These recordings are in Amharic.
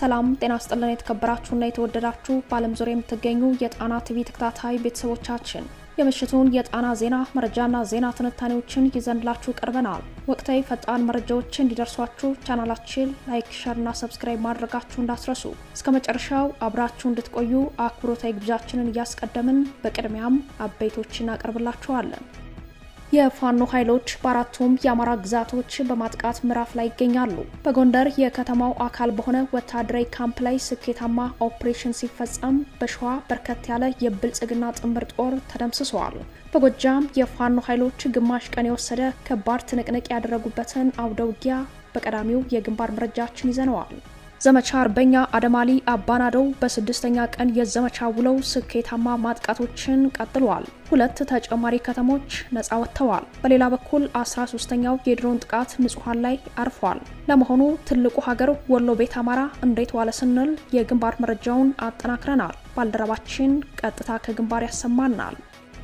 ሰላም ጤና ስጥልን። የተከበራችሁና የተወደዳችሁ በዓለም ዙሪያ የምትገኙ የጣና ቲቪ ተከታታይ ቤተሰቦቻችን የምሽቱን የጣና ዜና መረጃና ዜና ትንታኔዎችን ይዘንላችሁ ቀርበናል። ወቅታዊ ፈጣን መረጃዎችን እንዲደርሷችሁ ቻናላችን ላይክ፣ ሸርና ሰብስክራይብ ማድረጋችሁ እንዳስረሱ እስከ መጨረሻው አብራችሁ እንድትቆዩ አክብሮታዊ ግብዣችንን እያስቀደምን በቅድሚያም አበይቶች እናቀርብላችኋለን። የፋኖ ኃይሎች በአራቱም የአማራ ግዛቶች በማጥቃት ምዕራፍ ላይ ይገኛሉ። በጎንደር የከተማው አካል በሆነ ወታደራዊ ካምፕ ላይ ስኬታማ ኦፕሬሽን ሲፈጸም፣ በሸዋ በርከት ያለ የብልጽግና ጥምር ጦር ተደምስሰዋል። በጎጃም የፋኖ ኃይሎች ግማሽ ቀን የወሰደ ከባድ ትንቅንቅ ያደረጉበትን አውደውጊያ በቀዳሚው የግንባር መረጃችን ይዘነዋል። ዘመቻ አርበኛ አደማሊ አባናደው በስድስተኛ ቀን የዘመቻ ውለው ስኬታማ ማጥቃቶችን ቀጥሏል። ሁለት ተጨማሪ ከተሞች ነፃ ወጥተዋል። በሌላ በኩል 13ተኛው የድሮን ጥቃት ንጹሐን ላይ አርፏል። ለመሆኑ ትልቁ ሀገር ወሎ ቤት አማራ እንዴት ዋለ ስንል የግንባር መረጃውን አጠናክረናል። ባልደረባችን ቀጥታ ከግንባር ያሰማናል።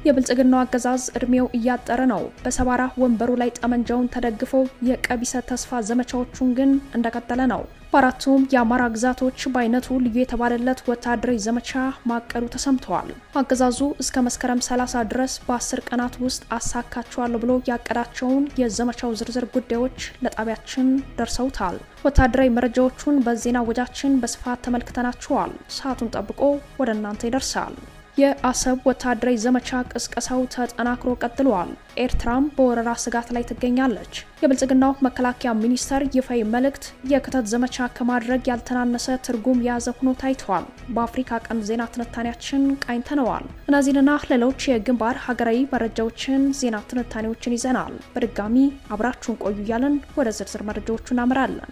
የብልጽግናው አገዛዝ እድሜው እያጠረ ነው። በሰባራ ወንበሩ ላይ ጠመንጃውን ተደግፎ የቀቢሰ ተስፋ ዘመቻዎቹን ግን እንደቀጠለ ነው። በአራቱም የአማራ ግዛቶች በአይነቱ ልዩ የተባለለት ወታደራዊ ዘመቻ ማቀዱ ተሰምተዋል። አገዛዙ እስከ መስከረም 30 ድረስ በ10 ቀናት ውስጥ አሳካቸዋለሁ ብሎ ያቀዳቸውን የዘመቻው ዝርዝር ጉዳዮች ለጣቢያችን ደርሰውታል። ወታደራዊ መረጃዎቹን በዜና ወጃችን በስፋት ተመልክተናቸዋል። ሰዓቱን ጠብቆ ወደ እናንተ ይደርሳል። የአሰብ ወታደራዊ ዘመቻ ቅስቀሳው ተጠናክሮ ቀጥሏል። ኤርትራም በወረራ ስጋት ላይ ትገኛለች። የብልጽግናው መከላከያ ሚኒስተር ይፋዊ መልእክት የክተት ዘመቻ ከማድረግ ያልተናነሰ ትርጉም የያዘ ሆኖ ታይቷል። በአፍሪካ ቀንድ ዜና ትንታኔያችን ቃኝተነዋል። እነዚህንና ሌሎች የግንባር ሀገራዊ መረጃዎችን፣ ዜና ትንታኔዎችን ይዘናል። በድጋሚ አብራችሁን ቆዩ እያለን ወደ ዝርዝር መረጃዎቹ እናምራለን።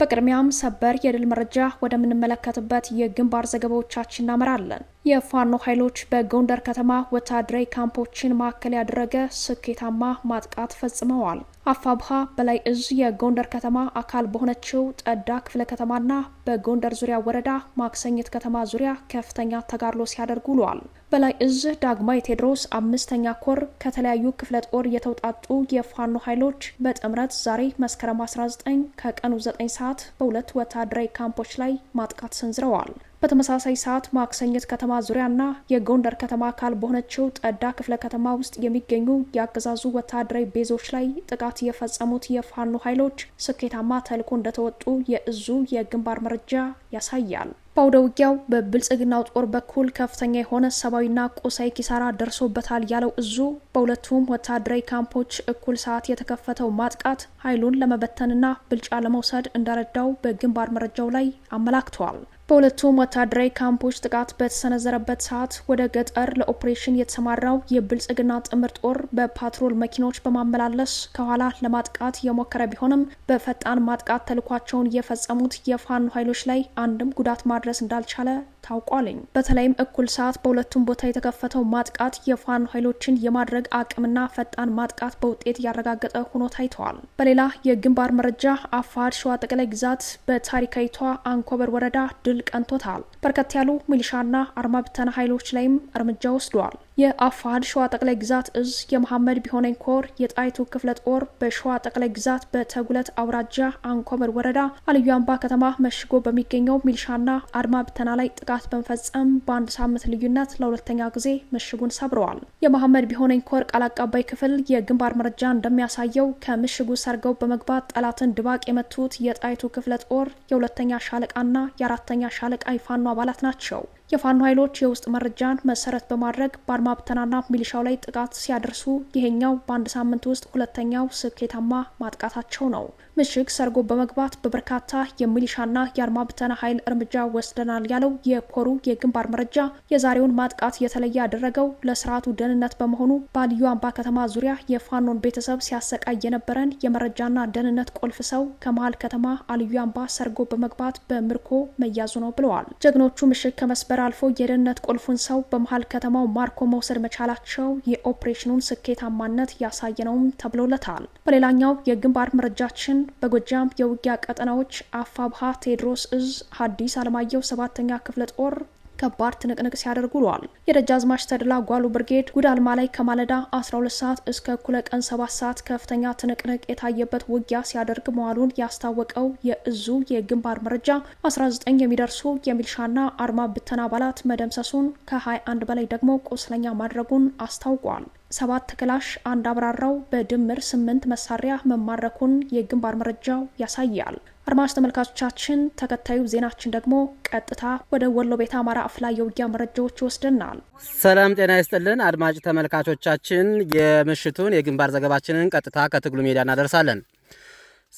በቅድሚያም ሰበር የድል መረጃ ወደምንመለከትበት የግንባር ዘገባዎቻችን እናመራለን። የፋኖ ኃይሎች በጎንደር ከተማ ወታደራዊ ካምፖችን ማዕከል ያደረገ ስኬታማ ማጥቃት ፈጽመዋል። አፋብሃ በላይ እዝ የጎንደር ከተማ አካል በሆነችው ጠዳ ክፍለ ከተማና በጎንደር ዙሪያ ወረዳ ማክሰኝት ከተማ ዙሪያ ከፍተኛ ተጋድሎ ሲያደርጉ ውሏል። በላይ እዝ ዳግማዊ ቴዎድሮስ አምስተኛ ኮር ከተለያዩ ክፍለ ጦር የተውጣጡ የፋኖ ኃይሎች በጥምረት ዛሬ መስከረም 19 ከቀኑ 9 ሰዓት በሁለት ወታደራዊ ካምፖች ላይ ማጥቃት ሰንዝረዋል። በተመሳሳይ ሰዓት ማክሰኘት ከተማ ዙሪያና የጎንደር ከተማ አካል በሆነችው ጠዳ ክፍለ ከተማ ውስጥ የሚገኙ የአገዛዙ ወታደራዊ ቤዞች ላይ ጥቃት የፈጸሙት የፋኖ ኃይሎች ስኬታማ ተልዕኮ እንደተወጡ የእዙ የግንባር መረጃ ያሳያል። በአውደ ውጊያው በብልጽግናው ጦር በኩል ከፍተኛ የሆነ ሰብአዊና ቁሳዊ ኪሳራ ደርሶበታል ያለው እዙ በሁለቱም ወታደራዊ ካምፖች እኩል ሰዓት የተከፈተው ማጥቃት ኃይሉን ለመበተንና ብልጫ ለመውሰድ እንደረዳው በግንባር መረጃው ላይ አመላክተዋል። በሁለቱም ወታደራዊ ካምፖች ጥቃት በተሰነዘረበት ሰዓት ወደ ገጠር ለኦፕሬሽን የተሰማራው የብልጽግና ጥምር ጦር በፓትሮል መኪኖች በማመላለስ ከኋላ ለማጥቃት የሞከረ ቢሆንም በፈጣን ማጥቃት ተልኳቸውን የፈጸሙት የፋኖ ኃይሎች ላይ አንድም ጉዳት ማድረስ እንዳልቻለ ታውቋለኝ በተለይም እኩል ሰዓት በሁለቱም ቦታ የተከፈተው ማጥቃት የፋኖ ኃይሎችን የማድረግ አቅምና ፈጣን ማጥቃት በውጤት ያረጋገጠ ሆኖ ታይተዋል። በሌላ የግንባር መረጃ አፋድ ሸዋ ጠቅላይ ግዛት በታሪካዊቷ አንኮበር ወረዳ ድል ቀንቶታል። በርከት ያሉ ሚሊሻና አርማ ብተና ኃይሎች ላይም እርምጃ ወስደዋል። የአፋድ ሸዋ ጠቅላይ ግዛት እዝ የመሐመድ ቢሆነኝ ኮር የጣይቱ ክፍለ ጦር በሸዋ ጠቅላይ ግዛት በተጉለት አውራጃ አንኮመድ ወረዳ አልዩ አምባ ከተማ መሽጎ በሚገኘው ሚሊሻና አድማ ብተና ላይ ጥቃት በመፈጸም በአንድ ሳምንት ልዩነት ለሁለተኛ ጊዜ ምሽጉን ሰብረዋል። የመሐመድ ቢሆነኝ ኮር ቃል አቀባይ ክፍል የግንባር መረጃ እንደሚያሳየው ከምሽጉ ሰርገው በመግባት ጠላትን ድባቅ የመቱት የጣይቱ ክፍለ ጦር የሁለተኛ ሻለቃና የአራተኛ ሻለቃ ይፋን አባላት ናቸው። የፋኖ ኃይሎች የውስጥ መረጃን መሰረት በማድረግ በአድማ ብተናና ሚሊሻው ላይ ጥቃት ሲያደርሱ ይሄኛው በአንድ ሳምንት ውስጥ ሁለተኛው ስኬታማ ማጥቃታቸው ነው። ምሽግ ሰርጎ በመግባት በበርካታ የሚሊሻና የአድማ ብተና ኃይል እርምጃ ወስደናል ያለው የኮሩ የግንባር መረጃ የዛሬውን ማጥቃት የተለየ ያደረገው ለስርዓቱ ደህንነት በመሆኑ በአልዩ አምባ ከተማ ዙሪያ የፋኖን ቤተሰብ ሲያሰቃይ የነበረን የመረጃና ደህንነት ቁልፍ ሰው ከመሀል ከተማ አልዩ አምባ ሰርጎ በመግባት በምርኮ መያዙ ነው ብለዋል። ጀግኖቹ ምሽግ ከመስበር ድንበር አልፎ የደህንነት ቁልፉን ሰው በመሀል ከተማው ማርኮ መውሰድ መቻላቸው የኦፕሬሽኑን ስኬታማነት ያሳየ ነውም ተብሎለታል። በሌላኛው የግንባር መረጃችን በጎጃም የውጊያ ቀጠናዎች አፋብሃ ቴዎድሮስ እዝ ሐዲስ አለማየሁ ሰባተኛ ክፍለ ጦር ከባድ ትንቅንቅ ሲያደርጉ ውለዋል። የደጃዝማች ተድላ ጓሉ ብርጌድ ጉዳልማ ላይ ከማለዳ 12 ሰዓት እስከ እኩለ ቀን 7 ሰዓት ከፍተኛ ትንቅንቅ የታየበት ውጊያ ሲያደርግ መዋሉን ያስታወቀው የእዙ የግንባር መረጃ 19 የሚደርሱ የሚልሻና አርማ ብተና አባላት መደምሰሱን ከ21 በላይ ደግሞ ቁስለኛ ማድረጉን አስታውቋል። ሰባት ክላሽ አንድ አብራራው በድምር ስምንት መሳሪያ መማረኩን የግንባር መረጃው ያሳያል። አድማጭ ተመልካቾቻችን ተከታዩ ዜናችን ደግሞ ቀጥታ ወደ ወሎ ቤታ አማራ አፍላ የውጊያ መረጃዎች ይወስደናል። ሰላም ጤና ይስጥልን አድማጭ ተመልካቾቻችን፣ የምሽቱን የግንባር ዘገባችንን ቀጥታ ከትግሉ ሜዳ እናደርሳለን።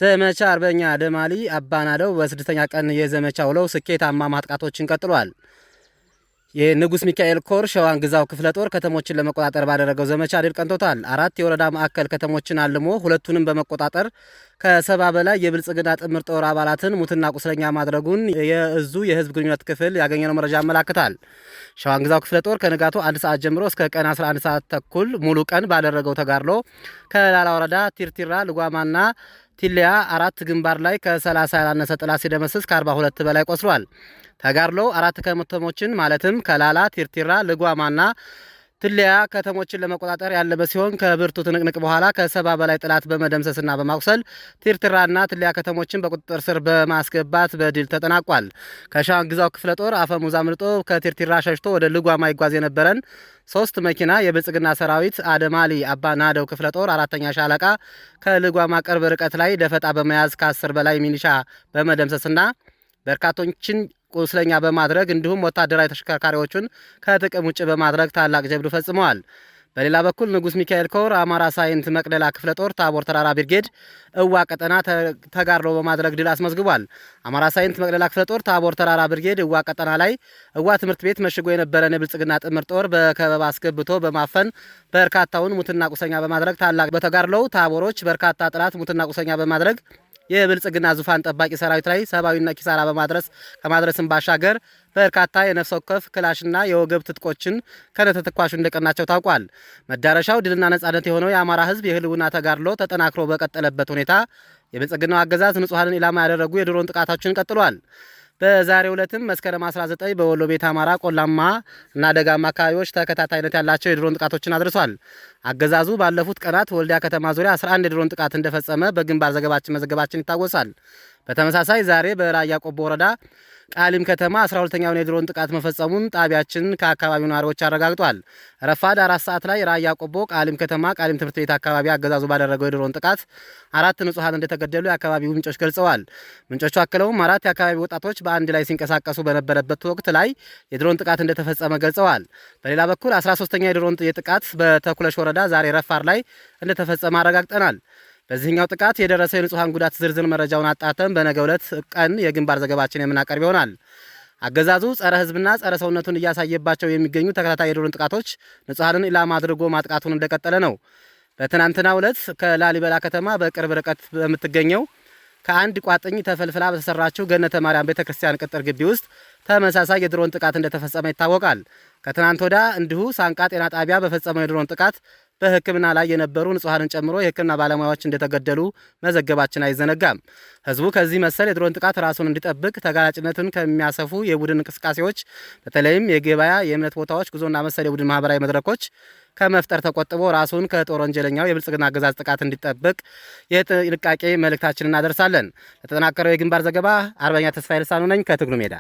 ዘመቻ አርበኛ ደማሊ አባናደው በስድስተኛ ቀን የዘመቻ ውለው ስኬታማ ማጥቃቶችን ቀጥሏል። የንጉስ ሚካኤል ኮር ሸዋን ግዛው ክፍለ ጦር ከተሞችን ለመቆጣጠር ባደረገው ዘመቻ ድል ቀንቶታል። አራት የወረዳ ማዕከል ከተሞችን አልሞ ሁለቱንም በመቆጣጠር ከሰባ በላይ የብልጽግና ጥምር ጦር አባላትን ሙትና ቁስለኛ ማድረጉን የእዙ የህዝብ ግንኙነት ክፍል ያገኘነው መረጃ ያመላክታል። ሸዋን ግዛው ክፍለ ጦር ከንጋቱ አንድ ሰዓት ጀምሮ እስከ ቀን 11 ሰዓት ተኩል ሙሉ ቀን ባደረገው ተጋድሎ ከላላ ወረዳ ቲርቲራ፣ ልጓማና ቲሊያ አራት ግንባር ላይ ከ30 ያላነሰ ጥላ ሲደመስስ ከ42 በላይ ቆስሏል። ተጋድሎ አራት ከተሞችን ማለትም ከላላ፣ ቲርቲራ፣ ልጓማና ትለያ ከተሞችን ለመቆጣጠር ያለበ ሲሆን ከብርቱ ትንቅንቅ በኋላ ከሰባ በላይ ጥላት በመደምሰስና በማቁሰል ቲርቲራና ትለያ ከተሞችን በቁጥጥር ስር በማስገባት በድል ተጠናቋል። ከሻንግዛው ክፍለ ጦር አፈሙዝ አምልጦ ከቲርቲራ ሸሽቶ ወደ ልጓማ ይጓዝ የነበረን ሶስት መኪና የብልጽግና ሰራዊት አደማሊ አባናደው ክፍለ ጦር አራተኛ ሻለቃ ከልጓማ ቅርብ ርቀት ላይ ደፈጣ በመያዝ ከአስር በላይ ሚኒሻ በመደምሰስና በርካቶችን ቁስለኛ በማድረግ እንዲሁም ወታደራዊ ተሽከርካሪዎቹን ከጥቅም ውጭ በማድረግ ታላቅ ጀብዱ ፈጽመዋል። በሌላ በኩል ንጉስ ሚካኤል ኮር አማራ ሳይንት መቅደላ ክፍለ ጦር ታቦር ተራራ ብርጌድ እዋ ቀጠና ተጋድሎ በማድረግ ድል አስመዝግቧል። አማራ ሳይንት መቅደላ ክፍለ ጦር ታቦር ተራራ ብርጌድ እዋ ቀጠና ላይ እዋ ትምህርት ቤት መሽጎ የነበረን የብልጽግና ጥምር ጦር በከበባ አስገብቶ በማፈን በርካታውን ሙትና ቁሰኛ በማድረግ ታላቅ በተጋድሎው ታቦሮች በርካታ ጠላት ሙትና ቁሰኛ በማድረግ የብልጽግና ዙፋን ጠባቂ ሰራዊት ላይ ሰብአዊና ኪሳራ በማድረስ ከማድረስም ባሻገር በርካታ የነፍስ ወከፍ ክላሽና የወገብ ትጥቆችን ከነተተኳሹ እንደቀናቸው ታውቋል። መዳረሻው ድልና ነጻነት የሆነው የአማራ ህዝብ የህልውና ተጋድሎ ተጠናክሮ በቀጠለበት ሁኔታ የብልጽግናው አገዛዝ ንጹሐንን ኢላማ ያደረጉ የድሮን ጥቃቶችን ቀጥሏል። በዛሬው ዕለትም መስከረም 19 በወሎ ቤት አማራ ቆላማ እና ደጋማ አካባቢዎች ተከታታይነት ያላቸው የድሮን ጥቃቶችን አድርሷል። አገዛዙ ባለፉት ቀናት ወልዲያ ከተማ ዙሪያ 11 የድሮን ጥቃት እንደፈጸመ በግንባር ዘገባችን መዘገባችን ይታወሳል። በተመሳሳይ ዛሬ በራያ ቆቦ ወረዳ ቃሊም ከተማ 12ኛውን የድሮን ጥቃት መፈጸሙን ጣቢያችን ከአካባቢው ነዋሪዎች አረጋግጧል። ረፋድ አራት ሰዓት ላይ ራያ ቆቦ ቃሊም ከተማ ቃሊም ትምህርት ቤት አካባቢ አገዛዙ ባደረገው የድሮን ጥቃት አራት ንጹሐን እንደተገደሉ የአካባቢው ምንጮች ገልጸዋል። ምንጮቹ አክለውም አራት የአካባቢ ወጣቶች በአንድ ላይ ሲንቀሳቀሱ በነበረበት ወቅት ላይ የድሮን ጥቃት እንደተፈጸመ ገልጸዋል። በሌላ በኩል 13ኛ የድሮን ጥቃት በተኩለሽ ወረዳ ዛሬ ረፋድ ላይ እንደተፈጸመ አረጋግጠናል። በዚህኛው ጥቃት የደረሰው የንጹሐን ጉዳት ዝርዝር መረጃውን አጣተን በነገ ዕለት ቀን የግንባር ዘገባችን የምናቀርብ ይሆናል። አገዛዙ ጸረ ሕዝብና ጸረ ሰውነቱን እያሳየባቸው የሚገኙ ተከታታይ የድሮን ጥቃቶች ንጹሐንን ኢላማ አድርጎ ማጥቃቱን እንደቀጠለ ነው። በትናንትና ዕለት ከላሊበላ ከተማ በቅርብ ርቀት በምትገኘው ከአንድ ቋጥኝ ተፈልፍላ በተሰራችው ገነተ ማርያም ቤተ ክርስቲያን ቅጥር ግቢ ውስጥ ተመሳሳይ የድሮን ጥቃት እንደተፈጸመ ይታወቃል። ከትናንት ወዳ እንዲሁ ሳንቃ ጤና ጣቢያ በፈጸመው የድሮን ጥቃት በሕክምና ላይ የነበሩ ንጹሐንን ጨምሮ የሕክምና ባለሙያዎች እንደተገደሉ መዘገባችን አይዘነጋም። ህዝቡ ከዚህ መሰል የድሮን ጥቃት ራሱን እንዲጠብቅ ተጋላጭነትን ከሚያሰፉ የቡድን እንቅስቃሴዎች በተለይም የገበያ፣ የእምነት ቦታዎች፣ ጉዞና መሰል የቡድን ማህበራዊ መድረኮች ከመፍጠር ተቆጥቦ ራሱን ከጦር ወንጀለኛው የብልጽግና አገዛዝ ጥቃት እንዲጠብቅ የጥንቃቄ መልእክታችን እናደርሳለን። ለተጠናከረው የግንባር ዘገባ አርበኛ ተስፋዬ ልሳኑ ነኝ ከትግሉ ሜዳ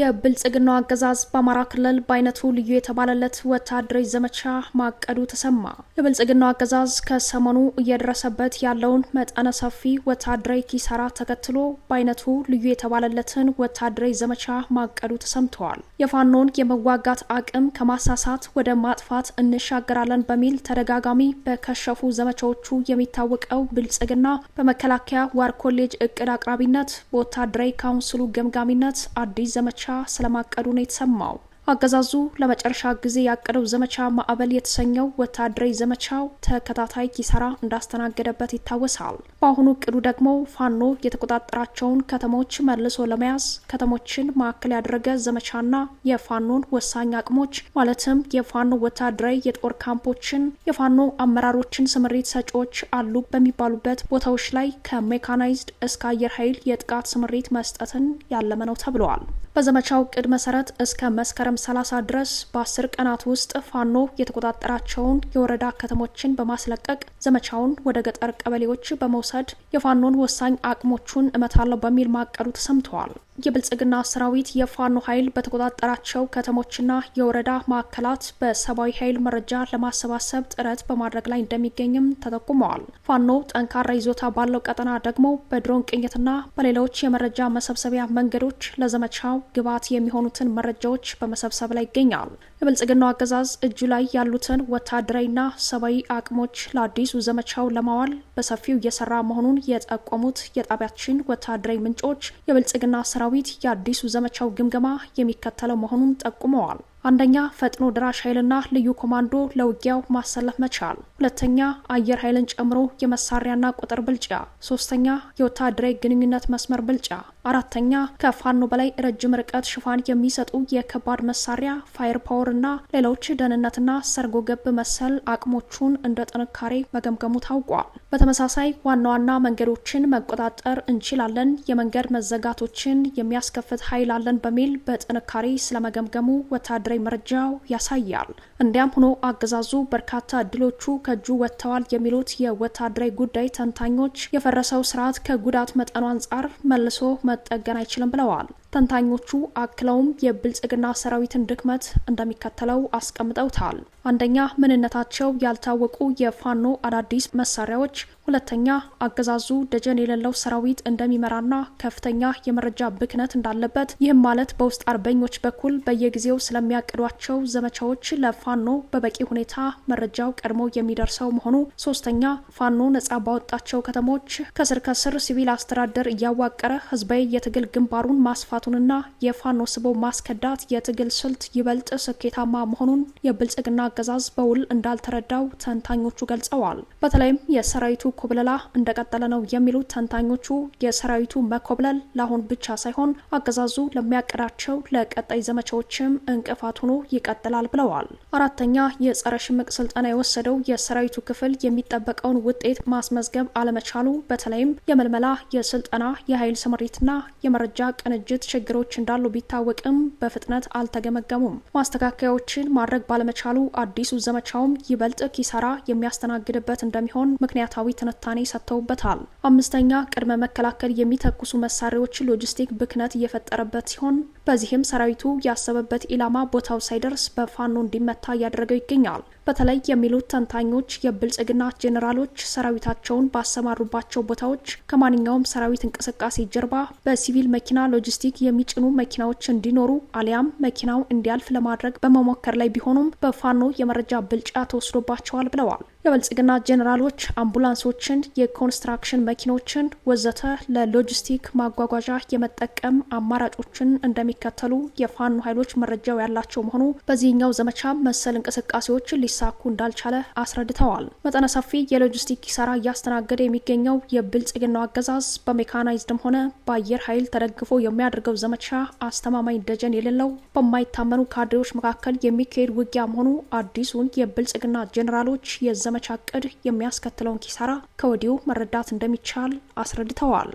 የብልጽግናው አገዛዝ በአማራ ክልል በአይነቱ ልዩ የተባለለት ወታደራዊ ዘመቻ ማቀዱ ተሰማ። የብልጽግናው አገዛዝ ከሰሞኑ እየደረሰበት ያለውን መጠነ ሰፊ ወታደራዊ ኪሳራ ተከትሎ በአይነቱ ልዩ የተባለለትን ወታደራዊ ዘመቻ ማቀዱ ተሰምተዋል። የፋኖን የመዋጋት አቅም ከማሳሳት ወደ ማጥፋት እንሻገራለን በሚል ተደጋጋሚ በከሸፉ ዘመቻዎቹ የሚታወቀው ብልጽግና በመከላከያ ዋር ኮሌጅ እቅድ አቅራቢነት በወታደራዊ ካውንስሉ ገምጋሚነት አዲስ ዘመቻ ስለማቀዱ ነው የተሰማው። አገዛዙ ለመጨረሻ ጊዜ ያቀደው ዘመቻ ማዕበል የተሰኘው ወታደራዊ ዘመቻው ተከታታይ ኪሳራ እንዳስተናገደበት ይታወሳል። በአሁኑ እቅዱ ደግሞ ፋኖ የተቆጣጠራቸውን ከተሞች መልሶ ለመያዝ ከተሞችን ማዕከል ያደረገ ዘመቻና የፋኖን ወሳኝ አቅሞች ማለትም የፋኖ ወታደራዊ የጦር ካምፖችን፣ የፋኖ አመራሮችን፣ ስምሪት ሰጪዎች አሉ በሚባሉበት ቦታዎች ላይ ከሜካናይዝድ እስከ አየር ኃይል የጥቃት ስምሪት መስጠትን ያለመ ነው ተብለዋል። በዘመቻው እቅድ መሰረት እስከ መስከረም 30 ድረስ በ10 ቀናት ውስጥ ፋኖ የተቆጣጠራቸውን የወረዳ ከተሞችን በማስለቀቅ ዘመቻውን ወደ ገጠር ቀበሌዎች በመውሰድ የፋኖን ወሳኝ አቅሞቹን እመታለሁ በሚል ማቀዱ ተሰምተዋል። የብልጽግና ሰራዊት የፋኖ ኃይል በተቆጣጠራቸው ከተሞችና የወረዳ ማዕከላት በሰብአዊ ኃይል መረጃ ለማሰባሰብ ጥረት በማድረግ ላይ እንደሚገኝም ተጠቁመዋል። ፋኖ ጠንካራ ይዞታ ባለው ቀጠና ደግሞ በድሮን ቅኝትና በሌሎች የመረጃ መሰብሰቢያ መንገዶች ለዘመቻው ግብዓት የሚሆኑትን መረጃዎች በመሰብሰብ ላይ ይገኛል። የብልጽግናው አገዛዝ እጁ ላይ ያሉትን ወታደራዊና ሰብአዊ አቅሞች ለአዲሱ ዘመቻው ለማዋል በሰፊው እየሰራ መሆኑን የጠቆሙት የጣቢያችን ወታደራዊ ምንጮች የብልጽግና ስራ ሰራዊት የአዲሱ ዘመቻው ግምገማ የሚከተለው መሆኑን ጠቁመዋል። አንደኛ ፈጥኖ ድራሽ ኃይልና ልዩ ኮማንዶ ለውጊያው ማሰለፍ መቻል፣ ሁለተኛ አየር ኃይልን ጨምሮ የመሳሪያና ቁጥር ብልጫ፣ ሶስተኛ የወታደራዊ ግንኙነት መስመር ብልጫ፣ አራተኛ ከፋኖ በላይ ረጅም ርቀት ሽፋን የሚሰጡ የከባድ መሳሪያ ፋየር ፓወር እና ሌሎች ደህንነትና ሰርጎ ገብ መሰል አቅሞቹን እንደ ጥንካሬ መገምገሙ ታውቋል። በተመሳሳይ ዋና ዋና መንገዶችን መቆጣጠር እንችላለን፣ የመንገድ መዘጋቶችን የሚያስከፍት ኃይል አለን በሚል በጥንካሬ ስለመገምገሙ ወታደራዊ መረጃው ያሳያል። እንዲያም ሆኖ አገዛዙ በርካታ እድሎቹ ከእጁ ወጥተዋል የሚሉት የወታደራዊ ጉዳይ ተንታኞች የፈረሰው ስርዓት ከጉዳት መጠኑ አንጻር መልሶ መጠገን አይችልም ብለዋል። ተንታኞቹ አክለውም የብልጽግና ሰራዊትን ድክመት እንደሚከተለው አስቀምጠውታል። አንደኛ ምንነታቸው ያልታወቁ የፋኖ አዳዲስ መሳሪያዎች፣ ሁለተኛ አገዛዙ ደጀን የሌለው ሰራዊት እንደሚመራና ከፍተኛ የመረጃ ብክነት እንዳለበት፣ ይህም ማለት በውስጥ አርበኞች በኩል በየጊዜው ስለሚያቅዷቸው ዘመቻዎች ለፋኖ በበቂ ሁኔታ መረጃው ቀድሞ የሚደርሰው መሆኑ፣ ሶስተኛ ፋኖ ነጻ ባወጣቸው ከተሞች ከስር ከስር ሲቪል አስተዳደር እያዋቀረ ህዝባዊ የትግል ግንባሩን ማስፋት መምጣቱንና የፋኖ ስቦ ማስከዳት የትግል ስልት ይበልጥ ስኬታማ መሆኑን የብልጽግና አገዛዝ በውል እንዳልተረዳው ተንታኞቹ ገልጸዋል። በተለይም የሰራዊቱ ኮብለላ እንደቀጠለ ነው የሚሉት ተንታኞቹ የሰራዊቱ መኮብለል ለአሁን ብቻ ሳይሆን አገዛዙ ለሚያቀዳቸው ለቀጣይ ዘመቻዎችም እንቅፋት ሆኖ ይቀጥላል ብለዋል። አራተኛ የጸረ ሽምቅ ስልጠና የወሰደው የሰራዊቱ ክፍል የሚጠበቀውን ውጤት ማስመዝገብ አለመቻሉ በተለይም የመልመላ የስልጠና የኃይል ስምሪትና የመረጃ ቅንጅት ችግሮች እንዳሉ ቢታወቅም በፍጥነት አልተገመገሙም። ማስተካከያዎችን ማድረግ ባለመቻሉ አዲሱ ዘመቻውም ይበልጥ ኪሳራ የሚያስተናግድበት እንደሚሆን ምክንያታዊ ትንታኔ ሰጥተውበታል። አምስተኛ ቅድመ መከላከል የሚተኩሱ መሳሪያዎች ሎጂስቲክ ብክነት እየፈጠረበት ሲሆን በዚህም ሰራዊቱ ያሰበበት ኢላማ ቦታው ሳይደርስ በፋኖ እንዲመታ እያደረገው ይገኛል። በተለይ የሚሉት ተንታኞች የብልጽግና ጄኔራሎች ሰራዊታቸውን ባሰማሩባቸው ቦታዎች ከማንኛውም ሰራዊት እንቅስቃሴ ጀርባ በሲቪል መኪና ሎጂስቲክ የሚጭኑ መኪናዎች እንዲኖሩ አሊያም መኪናው እንዲያልፍ ለማድረግ በመሞከር ላይ ቢሆኑም በፋኖ የመረጃ ብልጫ ተወስዶባቸዋል ብለዋል። የብልጽግና ጄኔራሎች አምቡላንሶችን፣ የኮንስትራክሽን መኪኖችን ወዘተ ለሎጂስቲክ ማጓጓዣ የመጠቀም አማራጮችን እንደሚከተሉ የፋኖ ኃይሎች መረጃው ያላቸው መሆኑ በዚህኛው ዘመቻ መሰል እንቅስቃሴዎች ሊሳኩ እንዳልቻለ አስረድተዋል። መጠነ ሰፊ የሎጂስቲክ ኪሳራ እያስተናገደ የሚገኘው የብልጽግናው አገዛዝ በሜካናይዝድም ሆነ በአየር ኃይል ተደግፎ የሚያደርገው ዘመቻ አስተማማኝ ደጀን የሌለው በማይታመኑ ካድሬዎች መካከል የሚካሄድ ውጊያ መሆኑ አዲሱን የብልጽግና ጄኔራሎች የዘመ የዘመቻ እቅድ የሚያስከትለውን ኪሳራ ከወዲሁ መረዳት እንደሚቻል አስረድተዋል።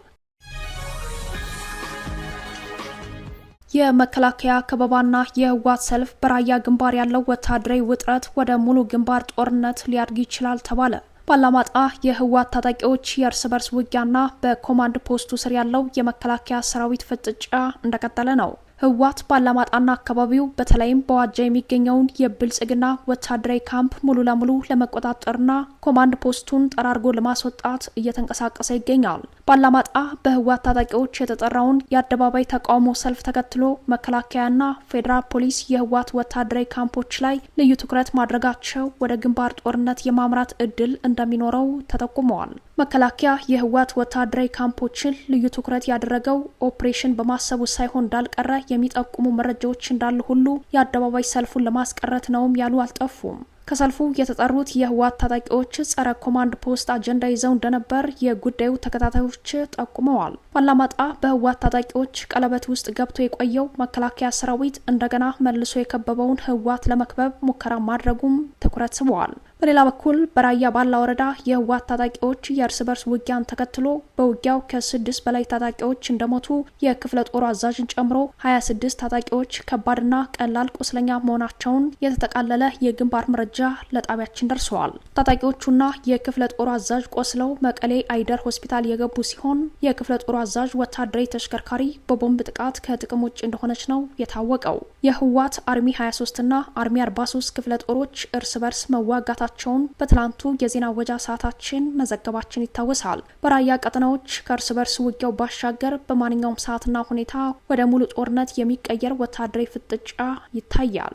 የመከላከያ ከበባና የህወሓት ሰልፍ በራያ ግንባር ያለው ወታደራዊ ውጥረት ወደ ሙሉ ግንባር ጦርነት ሊያድግ ይችላል ተባለ። ባላማጣ የህወሓት ታጣቂዎች የእርስ በርስ ውጊያና በኮማንድ ፖስቱ ስር ያለው የመከላከያ ሰራዊት ፍጥጫ እንደቀጠለ ነው። ህወሓት ባላማጣና አካባቢው በተለይም በዋጃ የሚገኘውን የብልጽግና ወታደራዊ ካምፕ ሙሉ ለሙሉ ለመቆጣጠርና ኮማንድ ፖስቱን ጠራርጎ ለማስወጣት እየተንቀሳቀሰ ይገኛል። ባላማጣ በህወሓት ታጣቂዎች የተጠራውን የአደባባይ ተቃውሞ ሰልፍ ተከትሎ መከላከያና ፌዴራል ፖሊስ የህወሓት ወታደራዊ ካምፖች ላይ ልዩ ትኩረት ማድረጋቸው ወደ ግንባር ጦርነት የማምራት እድል እንደሚኖረው ተጠቁመዋል። መከላከያ የህወሓት ወታደራዊ ካምፖችን ልዩ ትኩረት ያደረገው ኦፕሬሽን በማሰቡ ሳይሆን እንዳልቀረ የሚጠቁሙ መረጃዎች እንዳሉ ሁሉ የአደባባይ ሰልፉን ለማስቀረት ነውም ያሉ አልጠፉም። ከሰልፉ የተጠሩት የህወሓት ታጣቂዎች ጸረ ኮማንድ ፖስት አጀንዳ ይዘው እንደነበር የጉዳዩ ተከታታዮች ጠቁመዋል። ባላማጣ በህወሓት ታጣቂዎች ቀለበት ውስጥ ገብቶ የቆየው መከላከያ ሰራዊት እንደገና መልሶ የከበበውን ህወሓት ለመክበብ ሙከራ ማድረጉም ትኩረት ስበዋል። በሌላ በኩል በራያ ባላ ወረዳ የህወሓት ታጣቂዎች የእርስ በርስ ውጊያን ተከትሎ በውጊያው ከስድስት በላይ ታጣቂዎች እንደሞቱ የክፍለ ጦሩ አዛዥን ጨምሮ ሀያ ስድስት ታጣቂዎች ከባድና ቀላል ቁስለኛ መሆናቸውን የተጠቃለለ የግንባር መረጃ መረጃ ለጣቢያችን ደርሰዋል። ታጣቂዎቹና የክፍለ ጦር አዛዥ ቆስለው መቀሌ አይደር ሆስፒታል የገቡ ሲሆን የክፍለ ጦር አዛዥ ወታደራዊ ተሽከርካሪ በቦምብ ጥቃት ከጥቅም ውጭ እንደሆነች ነው የታወቀው። የህወሓት አርሚ 23ና አርሚ 43 ክፍለ ጦሮች እርስ በርስ መዋጋታቸውን በትላንቱ የዜና ወጃ ሰዓታችን መዘገባችን ይታወሳል። በራያ ቀጠናዎች ከእርስ በርስ ውጊያው ባሻገር በማንኛውም ሰዓትና ሁኔታ ወደ ሙሉ ጦርነት የሚቀየር ወታደራዊ ፍጥጫ ይታያል።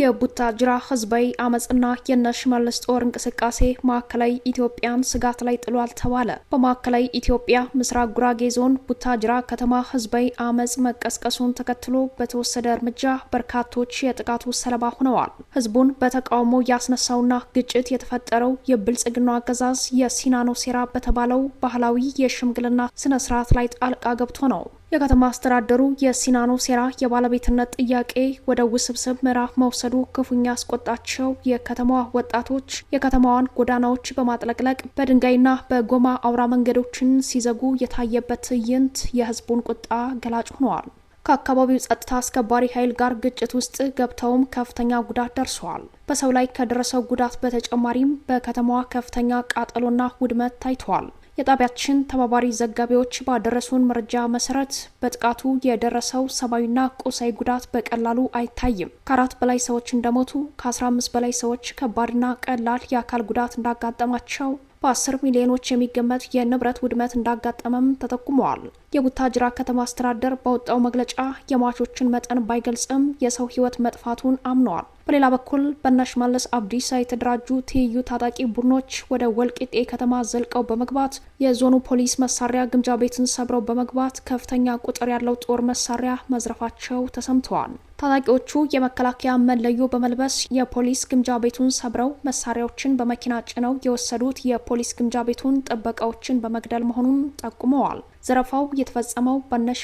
የቡታጅራ ህዝባዊ አመፅና የነሽመልስ ጦር እንቅስቃሴ ማዕከላዊ ኢትዮጵያን ስጋት ላይ ጥሏል ተባለ። በማዕከላዊ ኢትዮጵያ ምስራቅ ጉራጌ ዞን ቡታጅራ ከተማ ህዝባዊ አመፅ መቀስቀሱን ተከትሎ በተወሰደ እርምጃ በርካቶች የጥቃቱ ሰለባ ሆነዋል። ህዝቡን በተቃውሞ ያስነሳውና ግጭት የተፈጠረው የብልጽግና አገዛዝ የሲናኖ ሴራ በተባለው ባህላዊ የሽምግልና ስነስርዓት ላይ ጣልቃ ገብቶ ነው። የከተማ አስተዳደሩ የሲናኖ ሴራ የባለቤትነት ጥያቄ ወደ ውስብስብ ምዕራፍ መውሰዱ ክፉኛ ያስቆጣቸው የከተማዋ ወጣቶች የከተማዋን ጎዳናዎች በማጥለቅለቅ በድንጋይና በጎማ አውራ መንገዶችን ሲዘጉ የታየበት ትዕይንት የሕዝቡን ቁጣ ገላጭ ሆነዋል። ከአካባቢው ጸጥታ አስከባሪ ኃይል ጋር ግጭት ውስጥ ገብተውም ከፍተኛ ጉዳት ደርሰዋል። በሰው ላይ ከደረሰው ጉዳት በተጨማሪም በከተማዋ ከፍተኛ ቃጠሎና ውድመት ታይተዋል። የጣቢያችን ተባባሪ ዘጋቢዎች ባደረሱን መረጃ መሰረት በጥቃቱ የደረሰው ሰብአዊና ቁሳዊ ጉዳት በቀላሉ አይታይም። ከአራት በላይ ሰዎች እንደሞቱ፣ ከ15 በላይ ሰዎች ከባድና ቀላል የአካል ጉዳት እንዳጋጠማቸው በአስር ሚሊዮኖች የሚገመት የንብረት ውድመት እንዳጋጠመም ተጠቁመዋል። የቡታጅራ ከተማ አስተዳደር በወጣው መግለጫ የሟቾችን መጠን ባይገልጽም የሰው ሕይወት መጥፋቱን አምነዋል። በሌላ በኩል በሽመልስ አብዲሳ የተደራጁ ትይዩ ታጣቂ ቡድኖች ወደ ወልቂጤ ከተማ ዘልቀው በመግባት የዞኑ ፖሊስ መሳሪያ ግምጃ ቤትን ሰብረው በመግባት ከፍተኛ ቁጥር ያለው ጦር መሳሪያ መዝረፋቸው ተሰምተዋል። ታጣቂዎቹ የመከላከያ መለዮ በመልበስ የፖሊስ ግምጃ ቤቱን ሰብረው መሳሪያዎችን በመኪና ጭነው የወሰዱት የፖሊስ ግምጃ ቤቱን ጥበቃዎችን በመግደል መሆኑን ጠቁመዋል። ዘረፋው የተፈጸመው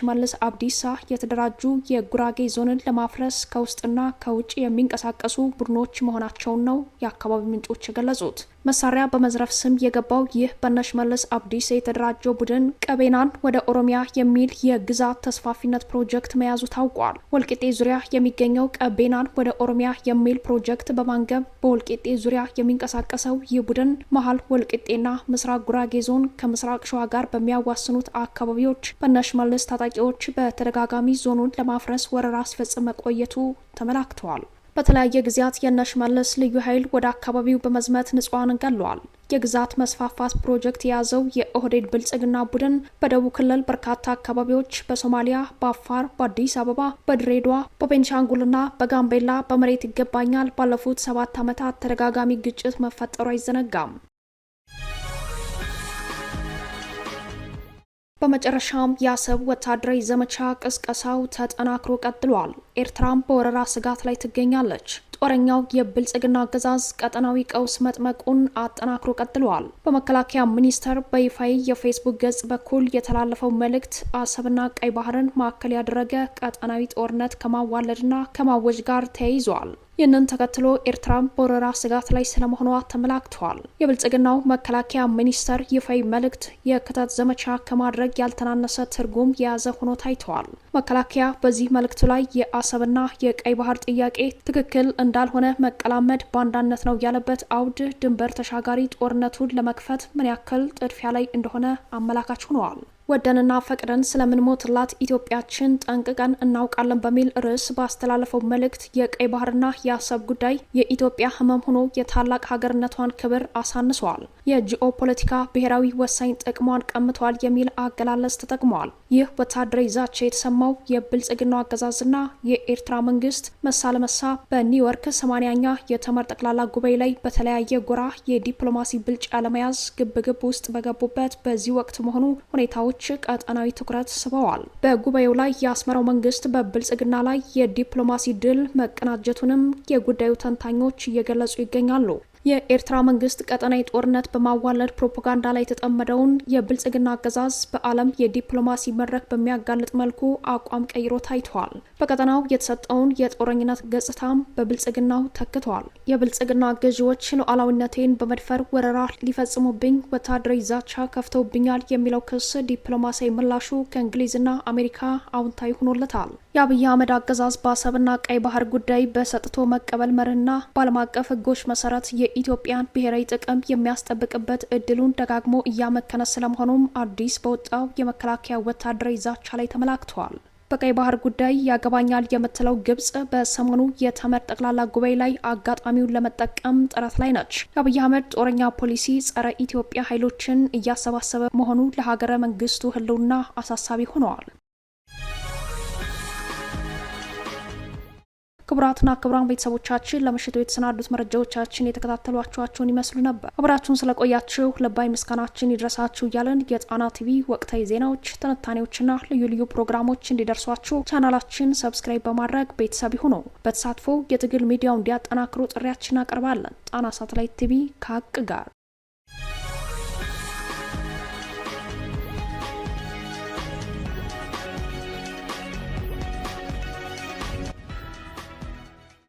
መለስ አብዲሳ የተደራጁ የጉራጌ ዞንን ለማፍረስ ከውስጥና ከውጭ የሚንቀሳቀሱ ቡድኖች መሆናቸውን ነው የአካባቢ ምንጮች የገለጹት። መሳሪያ በመዝረፍ ስም የገባው ይህ በነሽ መለስ አብዲሳ የተደራጀው ቡድን ቀቤናን ወደ ኦሮሚያ የሚል የግዛት ተስፋፊነት ፕሮጀክት መያዙ ታውቋል። ወልቂጤ ዙሪያ የሚገኘው ቀቤናን ወደ ኦሮሚያ የሚል ፕሮጀክት በማንገብ በወልቂጤ ዙሪያ የሚንቀሳቀሰው ይህ ቡድን መሀል ወልቂጤና ምስራቅ ጉራጌ ዞን ከምስራቅ ሸዋ ጋር በሚያዋስኑት አካባቢዎች በነሽ መለስ ታጣቂዎች በተደጋጋሚ ዞኑን ለማፍረስ ወረራ ሲፈጽም መቆየቱ ተመላክተዋል። በተለያየ ጊዜያት የነሽመለስ ልዩ ኃይል ወደ አካባቢው በመዝመት ንጹሐንን ገለዋል። የግዛት መስፋፋት ፕሮጀክት የያዘው የኦህዴድ ብልጽግና ቡድን በደቡብ ክልል በርካታ አካባቢዎች በሶማሊያ፣ በአፋር፣ በአዲስ አበባ፣ በድሬዳዋ፣ በቤንሻንጉልና በጋምቤላ በመሬት ይገባኛል ባለፉት ሰባት ዓመታት ተደጋጋሚ ግጭት መፈጠሩ አይዘነጋም። በመጨረሻም የአሰብ ወታደራዊ ዘመቻ ቅስቀሳው ተጠናክሮ ቀጥሏል። ኤርትራም በወረራ ስጋት ላይ ትገኛለች። ጦረኛው የብልጽግና አገዛዝ ቀጠናዊ ቀውስ መጥመቁን አጠናክሮ ቀጥሏል። በመከላከያ ሚኒስቴር በይፋይ የፌስቡክ ገጽ በኩል የተላለፈው መልእክት አሰብና ቀይ ባህርን ማዕከል ያደረገ ቀጠናዊ ጦርነት ከማዋለድና ከማወጅ ጋር ተያይዟል። ይህንን ተከትሎ ኤርትራም በወረራ ስጋት ላይ ስለመሆኗ ተመላክተዋል። የብልጽግናው መከላከያ ሚኒስተር ይፋዊ መልእክት የክተት ዘመቻ ከማድረግ ያልተናነሰ ትርጉም የያዘ ሆኖ ታይተዋል። መከላከያ በዚህ መልእክቱ ላይ የአሰብና የቀይ ባህር ጥያቄ ትክክል እንዳልሆነ መቀላመድ ባንዳነት ነው ያለበት አውድ ድንበር ተሻጋሪ ጦርነቱን ለመክፈት ምን ያክል ጥድፊያ ላይ እንደሆነ አመላካች ሆነዋል። ወደንና ፈቅደን ስለምንሞትላት ኢትዮጵያችን ጠንቅቀን እናውቃለን በሚል ርዕስ ባስተላለፈው መልእክት የቀይ ባህርና የአሰብ ጉዳይ የኢትዮጵያ ሕመም ሆኖ የታላቅ ሀገርነቷን ክብር አሳንሰዋል፣ የጂኦ ፖለቲካ ብሔራዊ ወሳኝ ጥቅሟን ቀምተዋል የሚል አገላለጽ ተጠቅመዋል። ይህ ወታደራዊ ዛቻ የተሰማው የብልጽግናው አገዛዝና የኤርትራ መንግስት መሳ ለመሳ በኒውዮርክ ሰማንያኛ የተመድ ጠቅላላ ጉባኤ ላይ በተለያየ ጎራ የዲፕሎማሲ ብልጫ ለመያዝ ግብግብ ውስጥ በገቡበት በዚህ ወቅት መሆኑ ሁኔታው ጉዳዮች ቀጠናዊ ትኩረት ስበዋል። በጉባኤው ላይ የአስመራው መንግስት በብልጽግና ላይ የዲፕሎማሲ ድል መቀናጀቱንም የጉዳዩ ተንታኞች እየገለጹ ይገኛሉ። የኤርትራ መንግስት ቀጠናዊ ጦርነት በማዋለድ ፕሮፓጋንዳ ላይ የተጠመደውን የብልጽግና አገዛዝ በዓለም የዲፕሎማሲ መድረክ በሚያጋልጥ መልኩ አቋም ቀይሮ ታይተዋል። በቀጠናው የተሰጠውን የጦረኝነት ገጽታም በብልጽግናው ተክተዋል። የብልጽግና ገዢዎች ሉዓላዊነቴን በመድፈር ወረራ ሊፈጽሙብኝ ወታደራዊ ዛቻ ከፍተውብኛል የሚለው ክስ ዲፕሎማሲያዊ ምላሹ ከእንግሊዝና አሜሪካ አዎንታዊ ሆኖለታል። የአብይ አህመድ አገዛዝ በአሰብና ቀይ ባህር ጉዳይ በሰጥቶ መቀበል መርህና በዓለም አቀፍ ህጎች መሰረት የኢትዮጵያን ብሔራዊ ጥቅም የሚያስጠብቅበት እድሉን ደጋግሞ እያመከነ ስለመሆኑም አዲስ በወጣው የመከላከያ ወታደራዊ ዛቻ ላይ ተመላክተዋል። በቀይ ባህር ጉዳይ ያገባኛል የምትለው ግብጽ በሰሞኑ የተመድ ጠቅላላ ጉባኤ ላይ አጋጣሚውን ለመጠቀም ጥረት ላይ ነች። የአብይ አህመድ ጦረኛ ፖሊሲ ጸረ ኢትዮጵያ ኃይሎችን እያሰባሰበ መሆኑ ለሀገረ መንግስቱ ህልውና አሳሳቢ ሆነዋል። ክቡራትና ክቡራን ቤተሰቦቻችን ለምሽቱ የተሰናዱት መረጃዎቻችን የተከታተሏችኋቸውን ይመስሉ ነበር። አብራችሁን ስለቆያችሁ ልባዊ ምስጋናችን ይድረሳችሁ እያለን የጣና ቲቪ ወቅታዊ ዜናዎች፣ ትንታኔዎችና ልዩ ልዩ ፕሮግራሞች እንዲደርሷችሁ ቻናላችን ሰብስክራይብ በማድረግ ቤተሰብ ይሁኑ። በተሳትፎ የትግል ሚዲያው እንዲያጠናክሩ ጥሪያችን አቀርባለን። ጣና ሳተላይት ቲቪ ከሀቅ ጋር